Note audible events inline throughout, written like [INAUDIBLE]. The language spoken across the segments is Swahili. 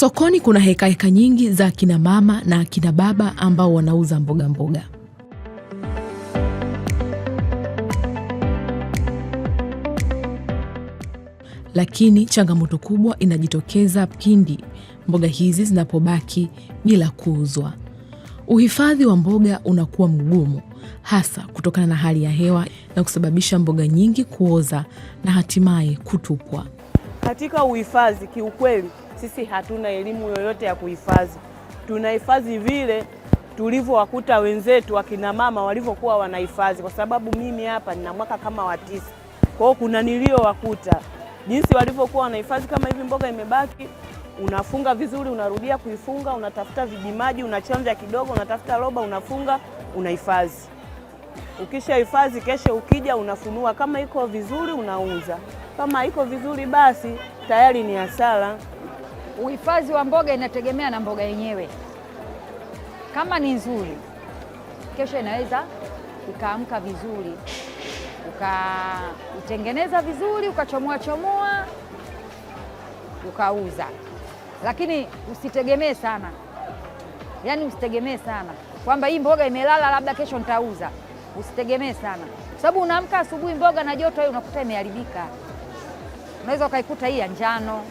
Sokoni kuna hekaheka heka nyingi za akina mama na akina baba ambao wanauza mboga mboga. Lakini changamoto kubwa inajitokeza pindi mboga hizi zinapobaki bila kuuzwa. Uhifadhi wa mboga unakuwa mgumu, hasa kutokana na hali ya hewa na kusababisha mboga nyingi kuoza na hatimaye kutupwa. Katika uhifadhi, kiukweli sisi hatuna elimu yoyote ya kuhifadhi. Tunahifadhi vile tulivyowakuta wenzetu wakina mama walivyokuwa wanahifadhi, kwa sababu mimi hapa nina mwaka kama wa tisa, kwa hiyo kuna niliyowakuta jinsi walivyokuwa wanahifadhi. Kama hivi mboga imebaki, unafunga vizuri, unarudia kuifunga, unatafuta vijimaji, unachanja kidogo, unatafuta roba, unafunga, unahifadhi. Ukisha hifadhi, kesho ukija unafunua, kama iko vizuri unauza, kama iko vizuri basi tayari ni hasara uhifadhi wa mboga inategemea na mboga yenyewe. Kama ni nzuri, kesho inaweza ikaamka vizuri, ukaitengeneza vizuri, ukachomoa chomoa, ukauza. Lakini usitegemee sana, yaani usitegemee sana kwamba hii mboga imelala, labda kesho nitauza. Usitegemee sana, kwa sababu unaamka asubuhi, mboga na joto, unakuta imeharibika. Unaweza ukaikuta hii ya njano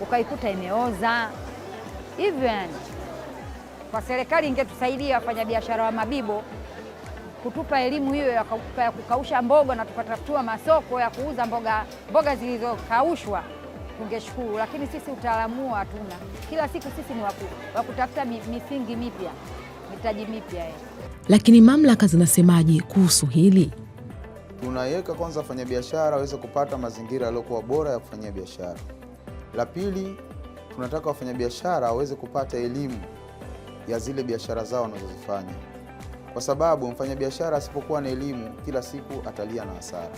ukaikuta imeoza hivyo. Yani, kwa serikali ingetusaidia wafanyabiashara wa mabibo kutupa elimu hiyo ya kukausha mboga na tukatafutua masoko ya kuuza mboga, mboga zilizokaushwa tungeshukuru, lakini sisi utaalamu huo hatuna. Kila siku sisi ni wa kutafuta misingi mipya, mitaji mipya. Lakini mamlaka zinasemaje kuhusu hili? Tunaiweka kwanza wafanyabiashara waweze kupata mazingira yaliyokuwa bora ya kufanyia biashara. La pili, tunataka wafanyabiashara waweze kupata elimu ya zile biashara zao wanazozifanya, kwa sababu mfanyabiashara asipokuwa na elimu, kila siku atalia na hasara.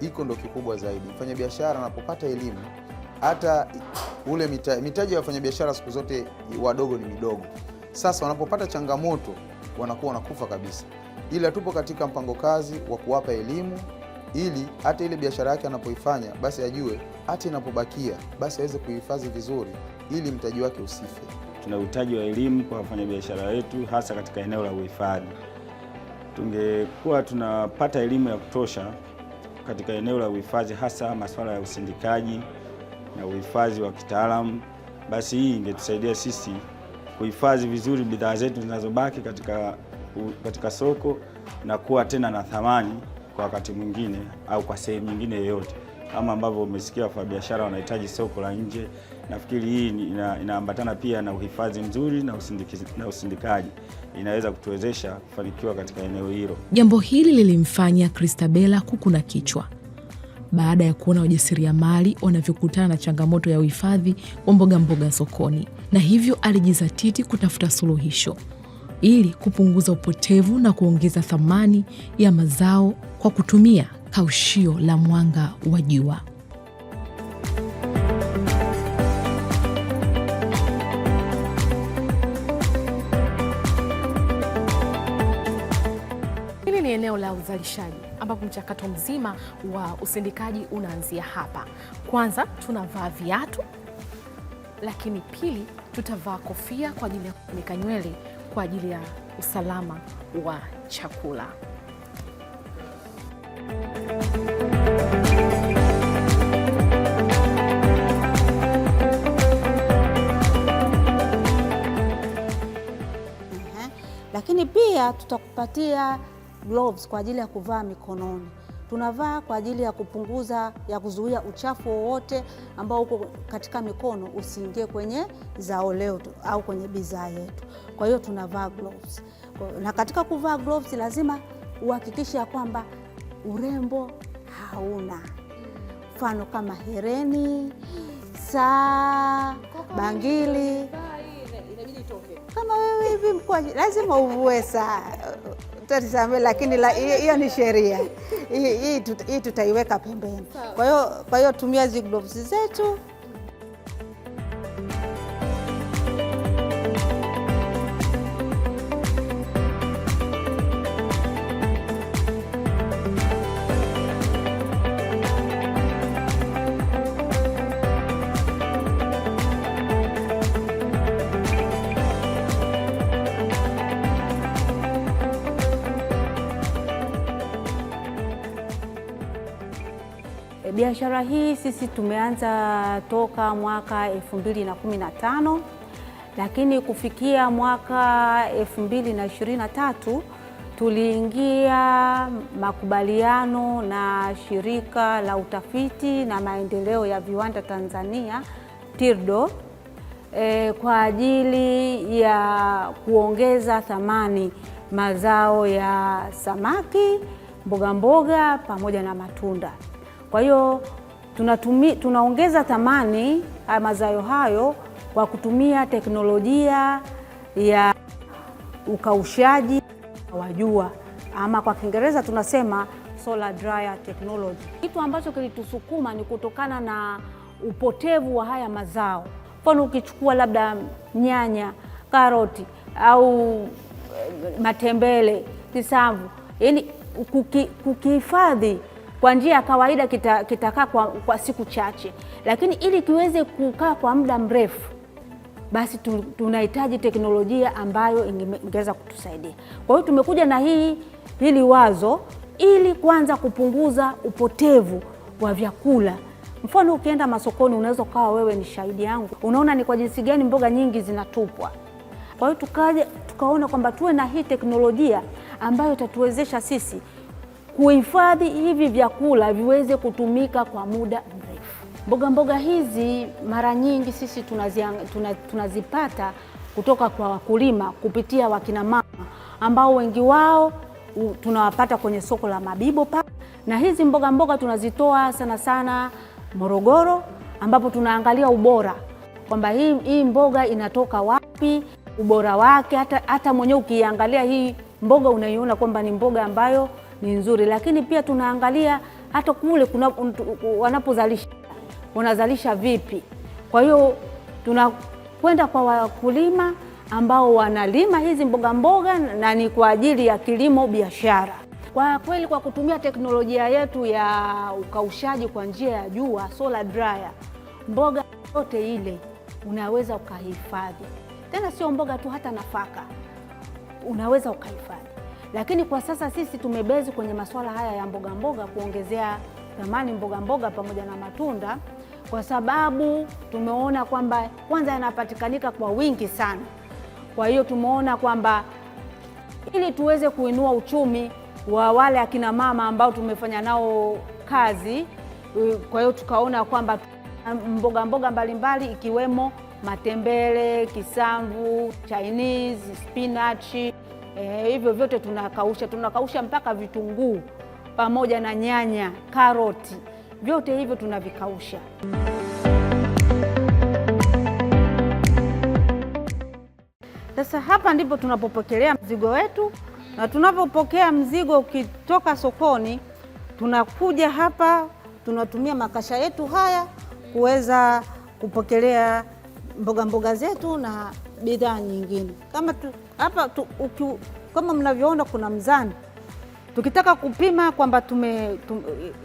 Hiko ndo kikubwa zaidi. Mfanyabiashara anapopata elimu, hata ule mita, mitaji ya wafanyabiashara siku zote wadogo ni midogo. Sasa wanapopata changamoto wanakuwa wanakufa kabisa, ila tupo katika mpango kazi wa kuwapa elimu ili hata ile biashara yake anapoifanya basi ajue hata inapobakia basi aweze kuihifadhi vizuri ili mtaji wake usife. Tuna uhitaji wa elimu kwa wafanyabiashara wetu hasa katika eneo la uhifadhi. Tungekuwa tunapata elimu ya kutosha katika eneo la uhifadhi, hasa masuala ya usindikaji na uhifadhi wa kitaalamu, basi hii ingetusaidia sisi kuhifadhi vizuri bidhaa zetu zinazobaki katika, katika soko na kuwa tena na thamani kwa wakati mwingine au kwa sehemu nyingine yoyote, kama ambavyo umesikia wafanyabiashara wanahitaji soko la nje. Nafikiri hii ina, inaambatana pia na uhifadhi mzuri na, usindiki, na usindikaji inaweza kutuwezesha kufanikiwa katika eneo hilo. Jambo hili lilimfanya Christabella kukuna kichwa baada ya kuona wajasiriamali wanavyokutana na changamoto ya uhifadhi wa mboga mboga sokoni, na hivyo alijizatiti kutafuta suluhisho ili kupunguza upotevu na kuongeza thamani ya mazao kwa kutumia kaushio la mwanga wa jua. Hili ni eneo la uzalishaji ambapo mchakato mzima wa usindikaji unaanzia hapa. Kwanza tunavaa viatu, lakini pili tutavaa kofia kwa ajili ya kufunika nywele kwa ajili ya usalama wa chakula. Pia tutakupatia gloves kwa ajili ya kuvaa mikononi tunavaa kwa ajili ya kupunguza ya kuzuia uchafu wowote ambao uko katika mikono usiingie kwenye zao letu au kwenye bidhaa yetu. Kwa hiyo tunavaa gloves, na katika kuvaa gloves lazima uhakikishe ya kwamba urembo hauna, mfano kama hereni, saa, bangili ili itoke. Kama wewe hivi mkwa lazima uvue saa tutasema, lakini hiyo ni sheria hii, tutaiweka pembeni. Kwa hiyo kwa hiyo tumia zigloves zetu biashara hii sisi tumeanza toka mwaka 2015 lakini kufikia mwaka 2023 na tuliingia makubaliano na shirika la utafiti na maendeleo ya viwanda Tanzania TIRDO e, kwa ajili ya kuongeza thamani mazao ya samaki, mboga mboga pamoja na matunda. Kwa hiyo tunatumi, tunaongeza thamani ya mazao hayo kwa kutumia teknolojia ya ukaushaji wa jua ama kwa Kiingereza tunasema solar dryer technology. Kitu ambacho kilitusukuma ni kutokana na upotevu wa haya mazao. Mfano, ukichukua labda nyanya, karoti au eh, matembele, kisamvu, yaani kukihifadhi kwa njia ya kawaida kitakaa kita kwa, kwa siku chache, lakini ili kiweze kukaa kwa muda mrefu basi tunahitaji teknolojia ambayo ingeweza kutusaidia. Kwa hiyo tumekuja na hii hili wazo ili kwanza kupunguza upotevu wa vyakula. Mfano, ukienda masokoni, unaweza ukawa wewe ni shahidi yangu, unaona ni kwa jinsi gani mboga nyingi zinatupwa. Kwa hiyo tukaja tukaona kwamba tuwe na hii teknolojia ambayo itatuwezesha sisi kuhifadhi hivi vyakula viweze kutumika kwa muda mrefu. Mboga mboga hizi mara nyingi sisi tunazipata tuna, tunazipata kutoka kwa wakulima kupitia wakina mama ambao wengi wao tunawapata kwenye soko la Mabibo pa na hizi mboga mboga tunazitoa sana sana Morogoro, ambapo tunaangalia ubora kwamba hii, hii mboga inatoka wapi, ubora wake. Hata, hata mwenyewe ukiangalia hii mboga unaiona kwamba ni mboga ambayo ni nzuri, lakini pia tunaangalia hata kule wanapozalisha wanazalisha vipi. Kwa hiyo tunakwenda kwa wakulima ambao wanalima hizi mboga mboga na ni kwa ajili ya kilimo biashara. Kwa kweli, kwa kutumia teknolojia yetu ya ukaushaji kwa njia ya jua, solar dryer, mboga yote ile unaweza ukahifadhi. Tena sio mboga tu, hata nafaka unaweza ukahifadhi lakini kwa sasa sisi tumebezi kwenye masuala haya ya mboga mboga, kuongezea thamani mboga mboga pamoja na matunda, kwa sababu tumeona kwamba kwanza yanapatikanika kwa wingi sana. Kwa hiyo tumeona kwamba ili tuweze kuinua uchumi wa wale akina mama ambao tumefanya nao kazi, kwa hiyo tukaona kwamba mboga mboga mbalimbali ikiwemo matembele, kisamvu, Chinese, spinachi eh, hivyo vyote tunakausha, tunakausha mpaka vitunguu pamoja na nyanya, karoti, vyote hivyo tunavikausha. Sasa hapa ndipo tunapopokelea mzigo wetu, na tunapopokea mzigo ukitoka sokoni, tunakuja hapa, tunatumia makasha yetu haya kuweza kupokelea mboga mboga zetu na bidhaa nyingine kama tu hapa kama mnavyoona kuna mzani. Tukitaka kupima kwamba tume, tume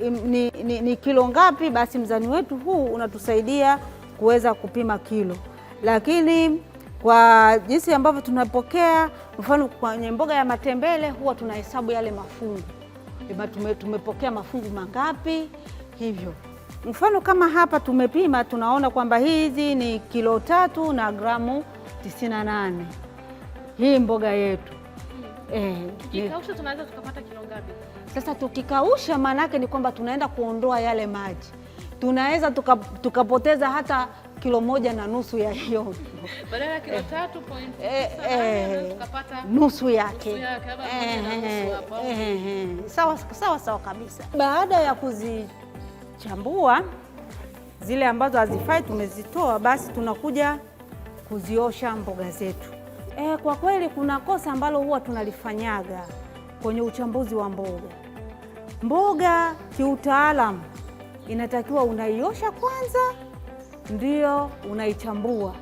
ni, ni, ni kilo ngapi, basi mzani wetu huu unatusaidia kuweza kupima kilo, lakini kwa jinsi ambavyo tunapokea, mfano kwenye mboga ya matembele huwa tunahesabu yale mafungu tume, tumepokea mafungu mangapi hivyo mfano kama hapa tumepima, tunaona kwamba hizi ni kilo tatu na gramu 98 hii mboga yetu eh, tukikausha eh. tunaweza tukapata kilo ngapi? Sasa tukikausha, maana yake ni kwamba tunaenda kuondoa yale maji, tunaweza tukapoteza tuka hata kilo moja na nusu ya hiyo [LAUGHS] badala ya kilo tatu point eh, eh. tukapata nusu yake. Sawa sawa sawa kabisa. Baada ya kuzichambua zile ambazo hazifai tumezitoa, basi tunakuja kuziosha mboga zetu. E, kwa kweli kuna kosa ambalo huwa tunalifanyaga kwenye uchambuzi wa mboga. Mboga kiutaalamu inatakiwa unaiosha kwanza, ndio unaichambua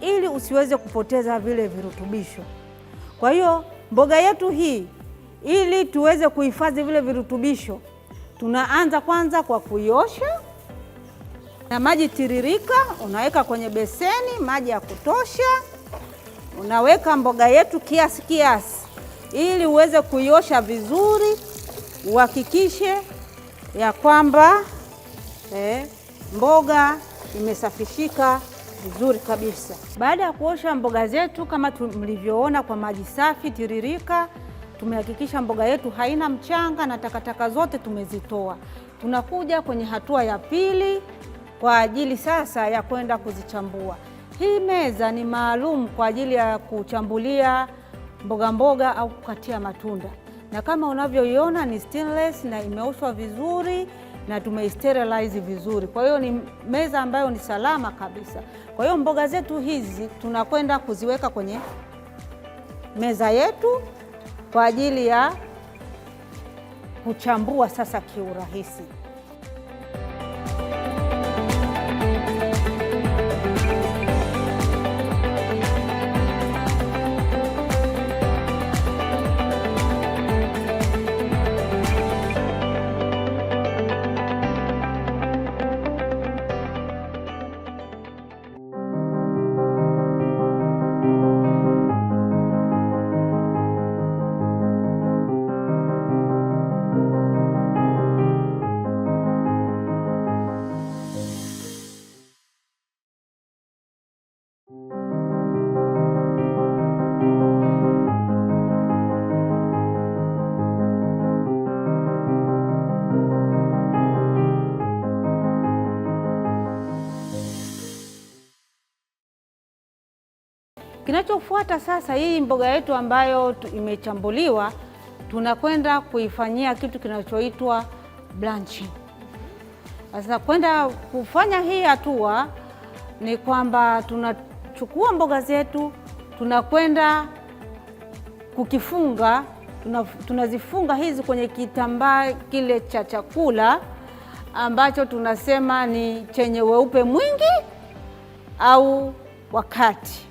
ili usiweze kupoteza vile virutubisho. Kwa hiyo mboga yetu hii, ili tuweze kuhifadhi vile virutubisho, tunaanza kwanza kwa kuiosha na maji tiririka, unaweka kwenye beseni maji ya kutosha unaweka mboga yetu kiasi kiasi, ili uweze kuiosha vizuri, uhakikishe ya kwamba eh, mboga imesafishika vizuri kabisa. Baada ya kuosha mboga zetu kama mlivyoona kwa maji safi tiririka, tumehakikisha mboga yetu haina mchanga na takataka zote tumezitoa. Tunakuja kwenye hatua ya pili kwa ajili sasa ya kwenda kuzichambua. Hii meza ni maalum kwa ajili ya kuchambulia mboga mboga au kukatia matunda, na kama unavyoiona ni stainless na imeoshwa vizuri na tumeisterilize vizuri. Kwa hiyo ni meza ambayo ni salama kabisa. Kwa hiyo mboga zetu hizi tunakwenda kuziweka kwenye meza yetu kwa ajili ya kuchambua sasa kiurahisi. Kinachofuata sasa, hii mboga yetu ambayo imechambuliwa, tunakwenda kuifanyia kitu kinachoitwa blanching. Sasa kwenda kufanya hii hatua ni kwamba tunachukua mboga zetu, tunakwenda kukifunga, tunazifunga tuna hizi kwenye kitambaa kile cha chakula ambacho tunasema ni chenye weupe mwingi au wakati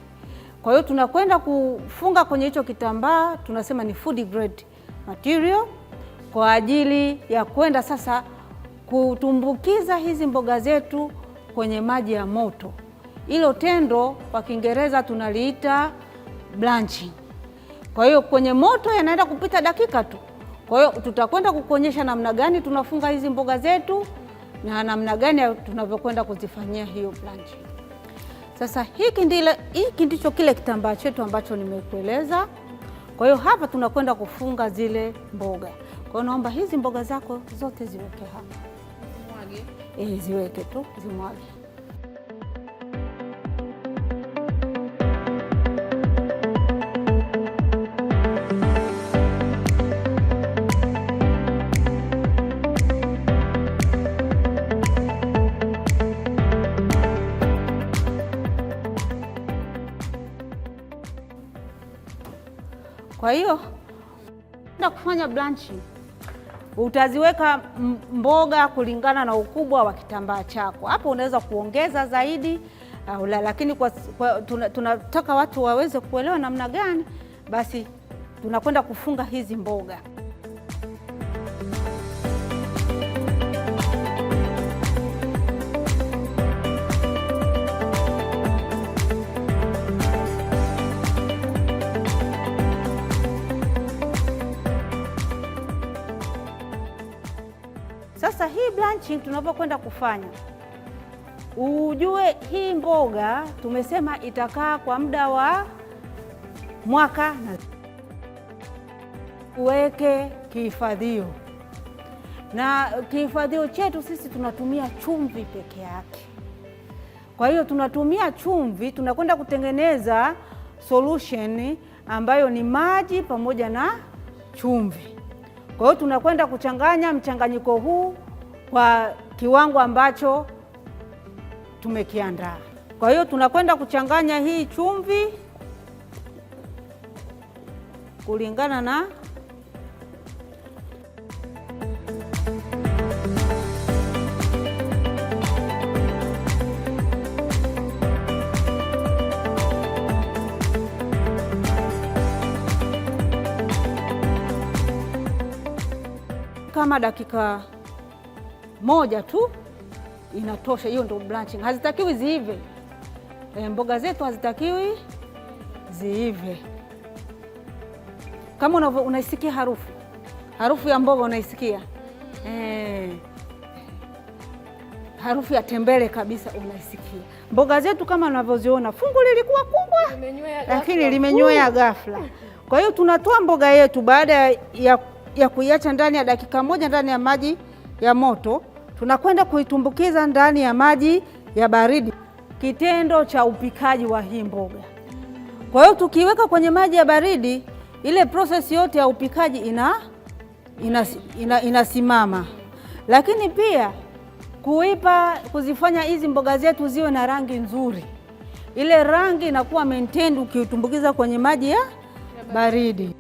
kwa hiyo tunakwenda kufunga kwenye hicho kitambaa, tunasema ni food grade material kwa ajili ya kwenda sasa kutumbukiza hizi mboga zetu kwenye maji ya moto. Hilo tendo kwa Kiingereza tunaliita blanching. Kwa hiyo kwenye moto yanaenda kupita dakika tu. Kwa hiyo tutakwenda kukuonyesha namna gani tunafunga hizi mboga zetu na namna gani tunavyokwenda kuzifanyia hiyo blanching. Sasa hiki ndile, hiki ndicho kile kitambaa chetu ambacho nimekueleza. Kwa hiyo hapa tunakwenda kufunga zile mboga. Kwa hiyo naomba hizi mboga zako zote ziweke hapa, eh, ziweke tu, zimwage. Kwa hiyo na kufanya blanchi, utaziweka mboga kulingana na ukubwa wa kitambaa chako. Hapo unaweza kuongeza zaidi au la, lakini kwa, kwa, tunataka tuna, watu waweze kuelewa namna gani, basi tunakwenda kufunga hizi mboga. mulching tunapokwenda kufanya, ujue hii mboga tumesema itakaa kwa muda wa mwaka, na uweke kihifadhio. Na kihifadhio chetu sisi tunatumia chumvi peke yake. Kwa hiyo tunatumia chumvi, tunakwenda kutengeneza solution ambayo ni maji pamoja na chumvi. Kwa hiyo tunakwenda kuchanganya mchanganyiko huu kwa kiwango ambacho tumekiandaa. Kwa hiyo tunakwenda kuchanganya hii chumvi kulingana na kama dakika moja tu inatosha, hiyo ndo blanching. Hazitakiwi ziive e, mboga zetu hazitakiwi ziive. Kama unaisikia harufu harufu ya mboga unaisikia e, harufu ya tembele kabisa unaisikia. Mboga zetu kama unavyoziona, fungu lilikuwa kubwa, lakini limenywea ghafla. Kwa hiyo tunatoa mboga yetu baada ya, ya kuiacha ndani ya dakika moja ndani ya maji ya moto, tunakwenda kuitumbukiza ndani ya maji ya baridi, kitendo cha upikaji wa hii mboga. Kwa hiyo tukiweka kwenye maji ya baridi, ile prosesi yote ya upikaji ina, ina, ina, inasimama. Lakini pia kuipa kuzifanya hizi mboga zetu ziwe na rangi nzuri, ile rangi inakuwa maintained ukiitumbukiza kwenye maji ya baridi.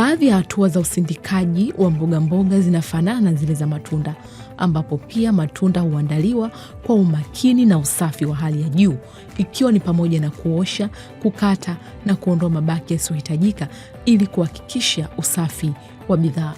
Baadhi ya hatua za usindikaji wa mbogamboga zinafanana na zile za matunda, ambapo pia matunda huandaliwa kwa umakini na usafi wa hali ya juu, ikiwa ni pamoja na kuosha, kukata na kuondoa mabaki yasiyohitajika ili kuhakikisha usafi wa bidhaa.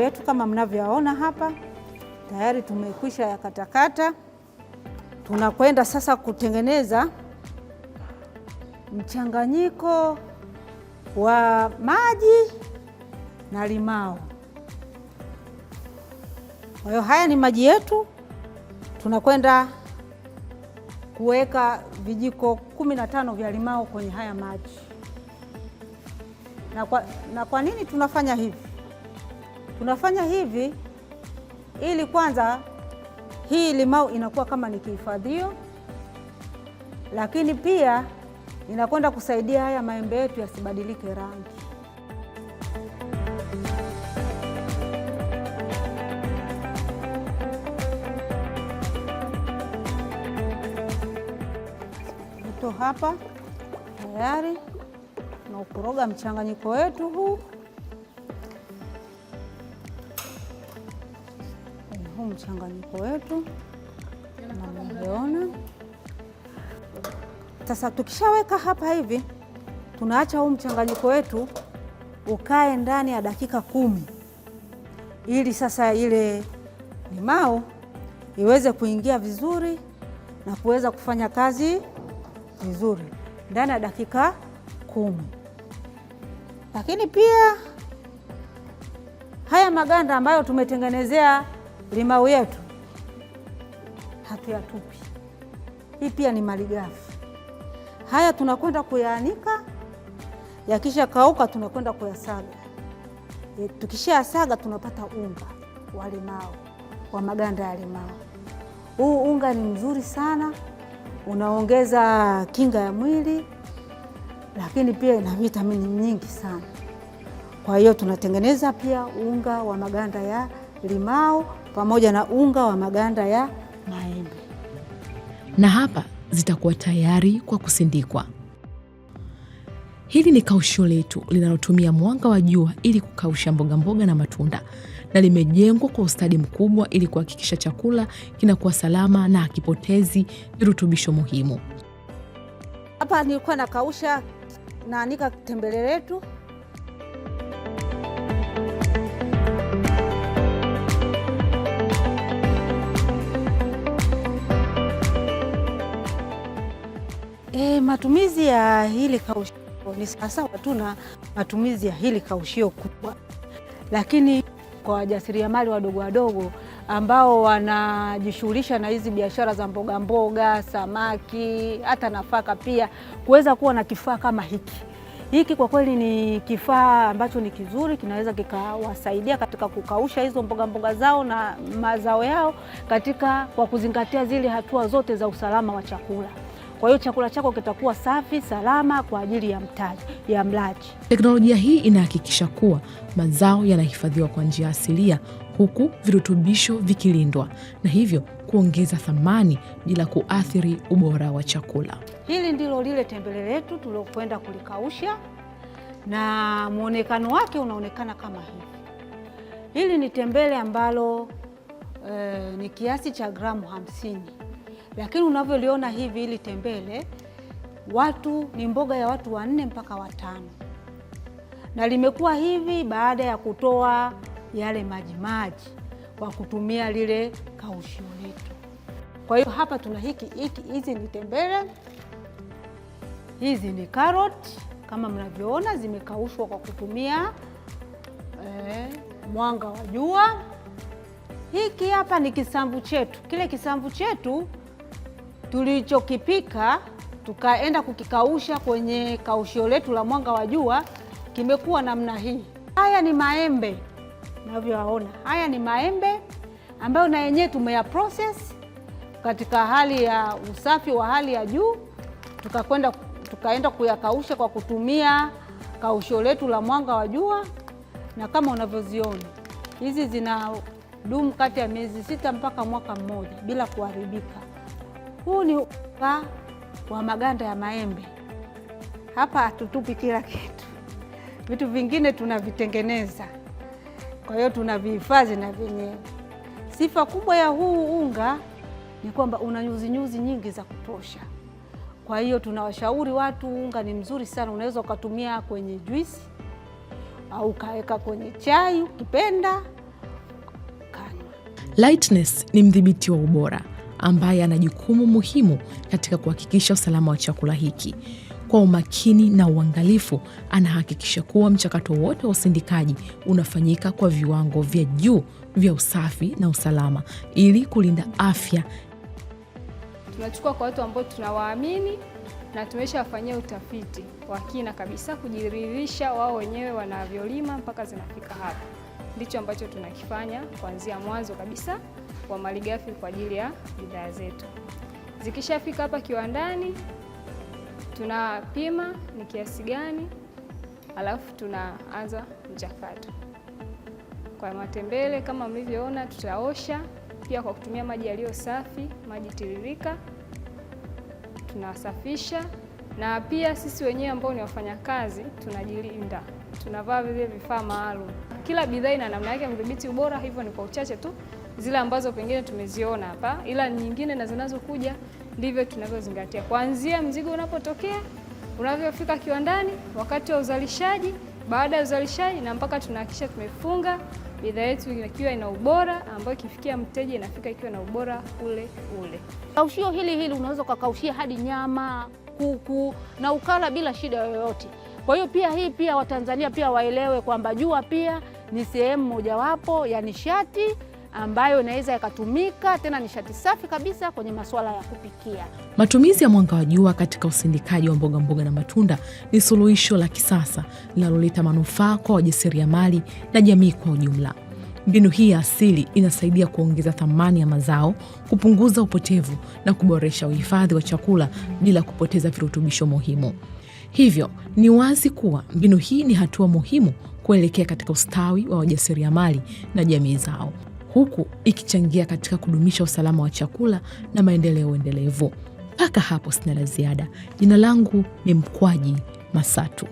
maembe yetu kama mnavyoona hapa tayari tumekwisha yakatakata. Tunakwenda sasa kutengeneza mchanganyiko wa maji na limao. Kwa hiyo haya ni maji yetu, tunakwenda kuweka vijiko 15 vya limao kwenye haya maji. Na kwa, na kwa nini tunafanya hivi? tunafanya hivi ili kwanza hii limau inakuwa kama ni kihifadhio, lakini pia inakwenda kusaidia haya maembe yetu yasibadilike rangi. Uto hapa tayari na ukoroga mchanganyiko wetu huu. mchanganyiko wetu namgeona. Sasa tukishaweka hapa hivi, tunaacha huu mchanganyiko wetu ukae ndani ya dakika kumi ili sasa ile limao iweze kuingia vizuri na kuweza kufanya kazi vizuri ndani ya dakika kumi. Lakini pia haya maganda ambayo tumetengenezea limau yetu hatuyatupi. Hii pia ni malighafi. Haya tunakwenda kuyaanika, yakisha kauka tunakwenda kuyasaga. E, tukishayasaga tunapata unga wa limau, wa maganda ya limau. Huu unga ni mzuri sana, unaongeza kinga ya mwili, lakini pia ina vitamini nyingi sana. Kwa hiyo tunatengeneza pia unga wa maganda ya limau pamoja na unga wa maganda ya maembe, na hapa zitakuwa tayari kwa kusindikwa. Hili ni kausho letu linalotumia mwanga wa jua ili kukausha mboga mboga na matunda, na limejengwa kwa ustadi mkubwa ili kuhakikisha chakula kinakuwa salama na hakipotezi virutubisho muhimu. Hapa nilikuwa nakausha, naanika tembele letu E, matumizi ya hili kaushio ni sawasawa tu na matumizi ya hili kaushio kubwa, lakini kwa wajasiriamali wadogo wadogo ambao wanajishughulisha na hizi biashara za mboga mboga, samaki, hata nafaka pia, kuweza kuwa na kifaa kama hiki hiki kwa kweli ni kifaa ambacho ni kizuri, kinaweza kikawasaidia katika kukausha hizo mboga mboga zao na mazao yao katika kwa kuzingatia zile hatua zote za usalama wa chakula. Kwa hiyo chakula chako kitakuwa safi, salama kwa ajili ya mtaji, ya mlaji. Teknolojia hii inahakikisha kuwa mazao yanahifadhiwa kwa njia asilia huku virutubisho vikilindwa na hivyo kuongeza thamani bila kuathiri ubora wa chakula. Hili ndilo lile tembele letu tuliokwenda kulikausha na mwonekano wake unaonekana kama hivi. Hili ni tembele ambalo eh, ni kiasi cha gramu hamsini lakini unavyoliona hivi hili tembele watu ni mboga ya watu wanne mpaka watano, na limekuwa hivi baada ya kutoa yale majimaji kwa kutumia lile kaushio letu. Kwa hiyo hapa tuna hiki hiki, hizi ni tembele, hizi ni karoti kama mnavyoona zimekaushwa kwa kutumia eh, mwanga wa jua. Hiki hapa ni kisamvu chetu, kile kisamvu chetu tulichokipika tukaenda kukikausha kwenye kaushio letu la mwanga wa jua, kimekuwa namna hii. Haya ni maembe navyoaona, haya ni maembe ambayo na yenyewe tumeya process katika hali ya usafi wa hali ya juu, tukakwenda tukaenda kuyakausha kwa kutumia kausho letu la mwanga wa jua, na kama unavyoziona hizi zina dumu kati ya miezi sita mpaka mwaka mmoja bila kuharibika. Huu ni unga wa maganda ya maembe. Hapa hatutupi kila kitu, vitu vingine tunavitengeneza, kwa hiyo tunavihifadhi na vyenyewe. Sifa kubwa ya huu unga ni kwamba una nyuzinyuzi nyingi za kutosha. Kwa hiyo tunawashauri watu, unga ni mzuri sana, unaweza ukatumia kwenye juisi au ukaweka kwenye chai ukipenda, kanywa Lightness ni mdhibiti wa ubora ambaye ana jukumu muhimu katika kuhakikisha usalama wa chakula hiki. Kwa umakini na uangalifu, anahakikisha kuwa mchakato wote wa usindikaji unafanyika kwa viwango vya juu vya usafi na usalama ili kulinda afya. Tunachukua kwa watu ambao tunawaamini na tumeshawafanyia utafiti wa kina kabisa kujiridhisha wao wenyewe wanavyolima mpaka zinafika hapa. Ndicho ambacho tunakifanya kuanzia mwanzo kabisa wa malighafi kwa ajili ya bidhaa zetu. Zikishafika hapa kiwandani, tunapima ni kiasi gani, alafu tunaanza mchakato. Kwa matembele kama mlivyoona, tutaosha pia kwa kutumia maji yaliyo safi, maji tiririka, tunasafisha na pia sisi wenyewe ambao ni wafanyakazi tunajilinda, tunavaa vile vifaa maalum. Kila bidhaa ina namna yake ya kudhibiti ubora, hivyo ni kwa uchache tu zile ambazo pengine tumeziona hapa, ila nyingine na zinazokuja, ndivyo tunavyozingatia kuanzia mzigo unapotokea, unavyofika kiwandani, wakati wa uzalishaji, baada ya uzalishaji, na mpaka tunahakikisha tumefunga bidhaa yetu ikiwa ina ubora ambayo ikifikia mteja inafika ikiwa na ubora ule ule. Kaushio hili hili unaweza ukakaushia hadi nyama, kuku na ukala bila shida yoyote. Kwa hiyo pia hii pia Watanzania pia waelewe kwamba jua pia ni sehemu mojawapo ya nishati ambayo inaweza yakatumika tena, nishati safi kabisa kwenye masuala ya kupikia. Matumizi ya mwanga wa jua katika usindikaji wa mboga mboga na matunda ni suluhisho la kisasa linaloleta manufaa kwa wajasiriamali na jamii kwa ujumla. Mbinu hii ya asili inasaidia kuongeza thamani ya mazao, kupunguza upotevu na kuboresha uhifadhi wa chakula bila kupoteza virutubisho muhimu. Hivyo ni wazi kuwa mbinu hii ni hatua muhimu kuelekea katika ustawi wa wajasiriamali na jamii zao huku ikichangia katika kudumisha usalama wa chakula na maendeleo endelevu. Mpaka hapo sina la ziada. Jina langu ni Mkwaji Masatu.